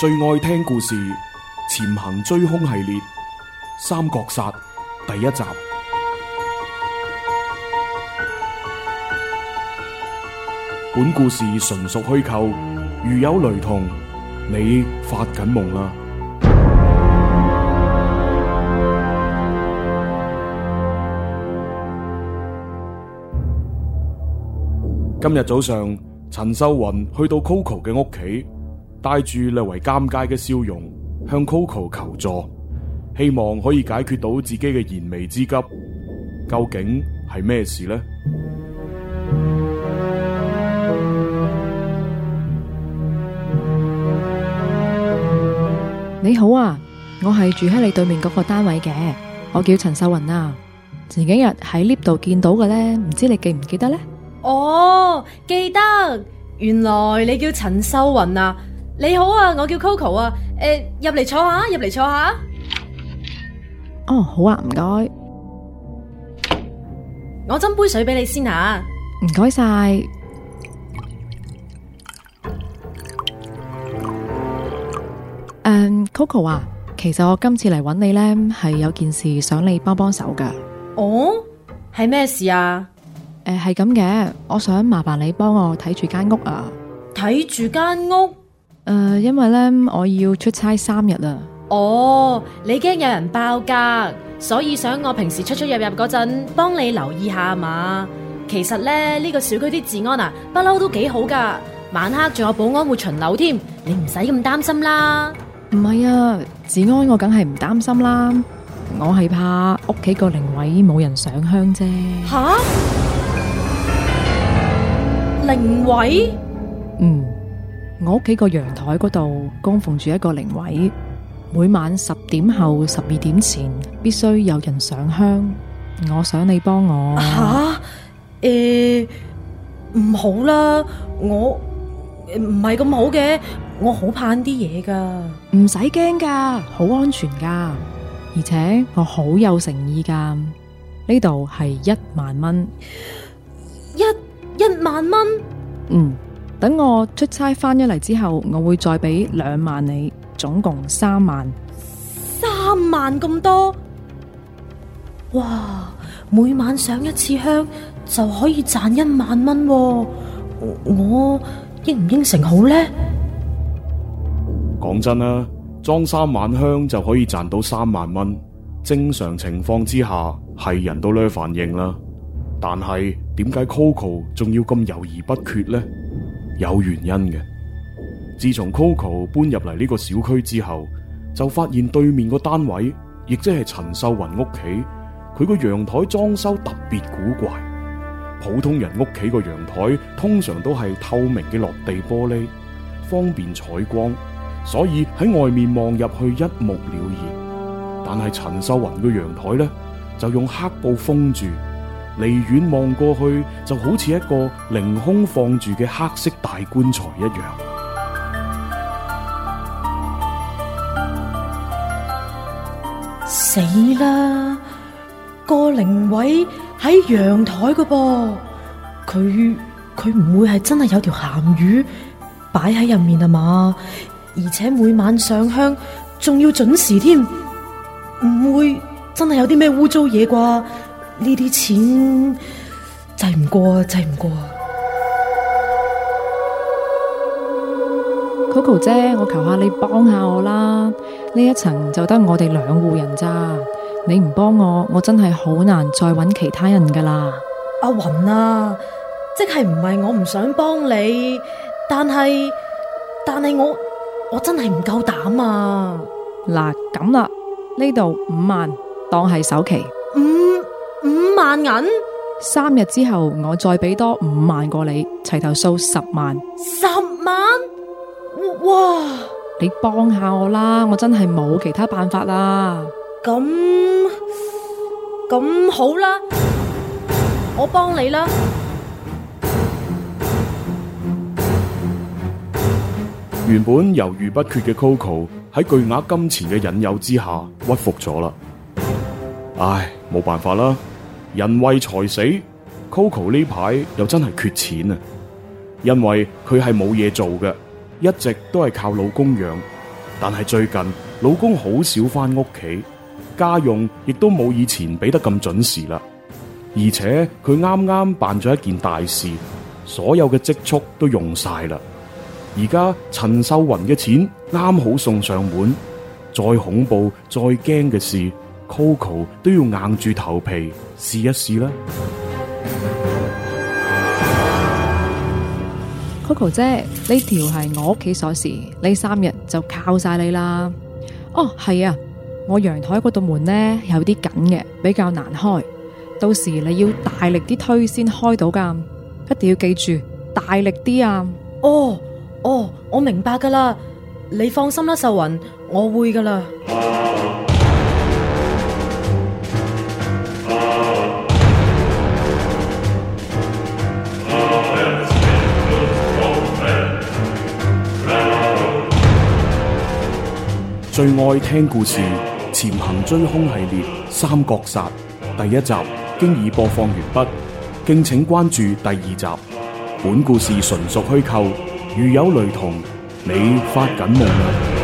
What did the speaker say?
最愛聽故事《潛行追凶》系列《三角殺》第一集。本故事純屬虛構，如有雷同，你發緊夢啦！今日早上，陳秀雲去到 Coco 嘅屋企。帶住略為尷尬嘅笑容向 Coco 求助，希望可以解決到自己嘅燃眉之急。究竟係咩事呢？你好啊，我係住喺你對面嗰個單位嘅，我叫陳秀雲啊。前幾日喺 lift 度見到嘅咧，唔知你記唔記得咧？哦，記得，原來你叫陳秀雲啊。你好啊，我叫 Coco 啊，誒，入嚟坐下，入嚟坐下。哦，好啊，唔該。我斟杯水俾你先啊。唔該晒。誒，Coco 啊，其實我今次嚟揾你呢，係有件事想你幫幫手噶。哦，係咩事啊？誒，係咁嘅，我想麻煩你幫我睇住間屋啊。睇住間屋？誒，因為咧我要出差三日啦。哦，你驚有人爆格，所以想我平時出出入入嗰陣幫你留意下嘛。其實咧呢個小區啲治安啊，不嬲都幾好噶。晚黑仲有保安會巡樓添，你唔使咁擔心啦。唔係啊，治安我梗係唔擔心啦。我係怕屋企個靈位冇人上香啫。吓？靈位？嗯。我屋企個陽台嗰度供奉住一個靈位，每晚十點後十二點前必須有人上香。我想你幫我吓，誒，唔，啊，欸，唔好啦，我唔係咁好嘅，我好怕啲嘢噶。唔使驚噶，好安全噶，而且我好有誠意噶。呢度係一萬蚊，一一萬蚊，嗯。等我出差返咗嚟之後，我會再俾兩萬你，總共三萬。三萬咁多，哇！每晚上一次香就可以賺一萬蚊，哦，我，我應唔應承好呢？講真啦，裝三晚香就可以賺到三萬蚊，正常情況之下係人都咧反應啦。但係點解 Coco 仲要咁猶豫不決呢？有原因嘅。自從 Coco 搬入嚟呢個小區之後，就發現對面個單位，亦即係陳秀雲屋企，佢個陽台裝修特別古怪。普通人屋企個陽台通常都係透明嘅落地玻璃，方便採光，所以喺外面望入去一目了然。但係陳秀雲個陽台呢，就用黑布封住。離遠望過去，就好似一個凌空放住嘅黑色大棺材一樣。死啦！個靈位喺陽台㗎噃，佢佢唔會係真係有條鹹魚擺喺入面啊嘛！而且每晚上香仲要準時添，唔會真係有啲咩污糟嘢啩？呢啲錢制唔過，制唔過。Coco 姐，我求下你幫下我啦！呢一層就得我哋兩戶人咋，你唔幫我，我真係好難再搵其他人噶啦。阿雲啊，即係唔係我唔想幫你，但係但係我我真係唔夠膽啊！嗱咁啦，呢度五萬當係首期。萬銀三日之後，我再俾多五萬過你，齊頭數十萬。十萬哇！你幫下我啦，我真係冇其他辦法啦。咁咁好啦，我幫你啦。原本猶豫不決嘅 Coco 喺巨額金錢嘅引誘之下屈服咗啦。唉，冇辦法啦。人為財死，Coco 呢排又真係缺錢啊！因為佢係冇嘢做嘅，一直都係靠老公養。但係最近老公好少翻屋企，家用亦都冇以前俾得咁準時啦。而且佢啱啱辦咗一件大事，所有嘅積蓄都用晒啦。而家陳秀雲嘅錢啱好送上門，再恐怖再驚嘅事。Coco 都要硬住頭皮試一試啦。Coco 姐，呢條係我屋企鎖匙，呢三日就靠晒你啦。哦，係啊，我陽台嗰度門呢有啲緊嘅，比較難開，到時你要大力啲推先開到噶。一定要記住大力啲啊！哦哦，我明白噶啦，你放心啦，秀雲，我會噶啦。啊最愛聽故事《潛行追兇》系列《三角殺》第一集，經已播放完畢，敬請關注第二集。本故事純屬虛構，如有雷同，你發緊夢。